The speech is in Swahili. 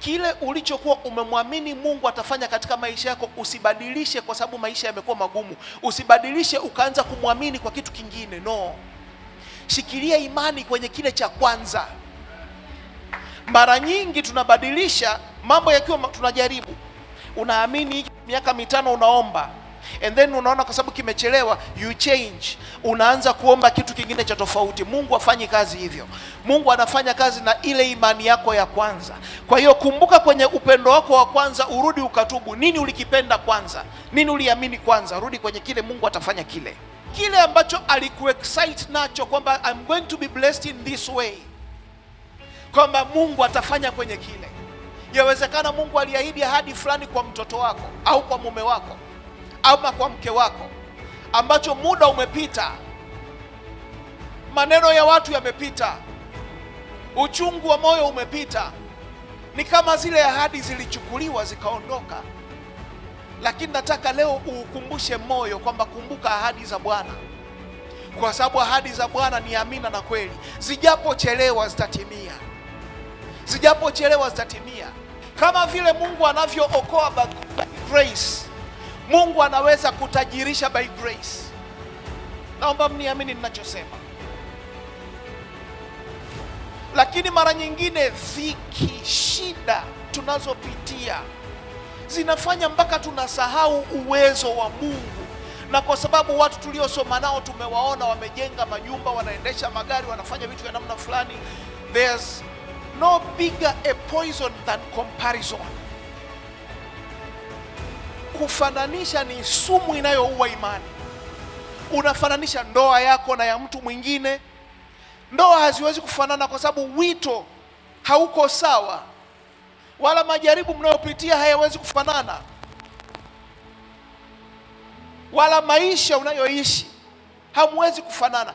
kile ulichokuwa umemwamini Mungu atafanya katika maisha yako, usibadilishe kwa sababu maisha yamekuwa magumu. Usibadilishe ukaanza kumwamini kwa kitu kingine, no. Shikilia imani kwenye kile cha kwanza. Mara nyingi tunabadilisha mambo yakiwa tunajaribu, unaamini miaka mitano unaomba and then unaona kwa sababu kimechelewa, you change, unaanza kuomba kitu kingine cha tofauti. Mungu afanyi kazi hivyo. Mungu anafanya kazi na ile imani yako ya kwanza. Kwa hiyo kumbuka, kwenye upendo wako wa kwanza urudi ukatubu. Nini ulikipenda kwanza? Nini uliamini kwanza? Rudi kwenye kile, Mungu atafanya kile kile ambacho alikuexcite nacho kwamba I'm going to be blessed in this way, kwamba Mungu atafanya kwenye kile. Yawezekana Mungu aliahidi ahadi fulani kwa mtoto wako au kwa mume wako ama kwa mke wako, ambacho muda umepita, maneno ya watu yamepita, uchungu wa moyo umepita. Ni kama zile ahadi zilichukuliwa zikaondoka. Lakini nataka leo uukumbushe moyo kwamba kumbuka ahadi za Bwana, kwa sababu ahadi za Bwana ni amina na kweli, zijapochelewa zitatimia, zijapochelewa zitatimia, kama vile Mungu anavyookoa by grace Mungu anaweza kutajirisha by grace. Naomba mniamini ninachosema. Lakini mara nyingine dhiki, shida tunazopitia zinafanya mpaka tunasahau uwezo wa Mungu, na kwa sababu watu tuliosoma nao tumewaona wamejenga majumba, wanaendesha magari, wanafanya vitu vya namna fulani. There's no bigger a poison than comparison kufananisha ni sumu inayoua imani. Unafananisha ndoa yako na ya mtu mwingine. Ndoa haziwezi kufanana kwa sababu wito hauko sawa, wala majaribu mnayopitia hayawezi kufanana, wala maisha unayoishi hamwezi kufanana.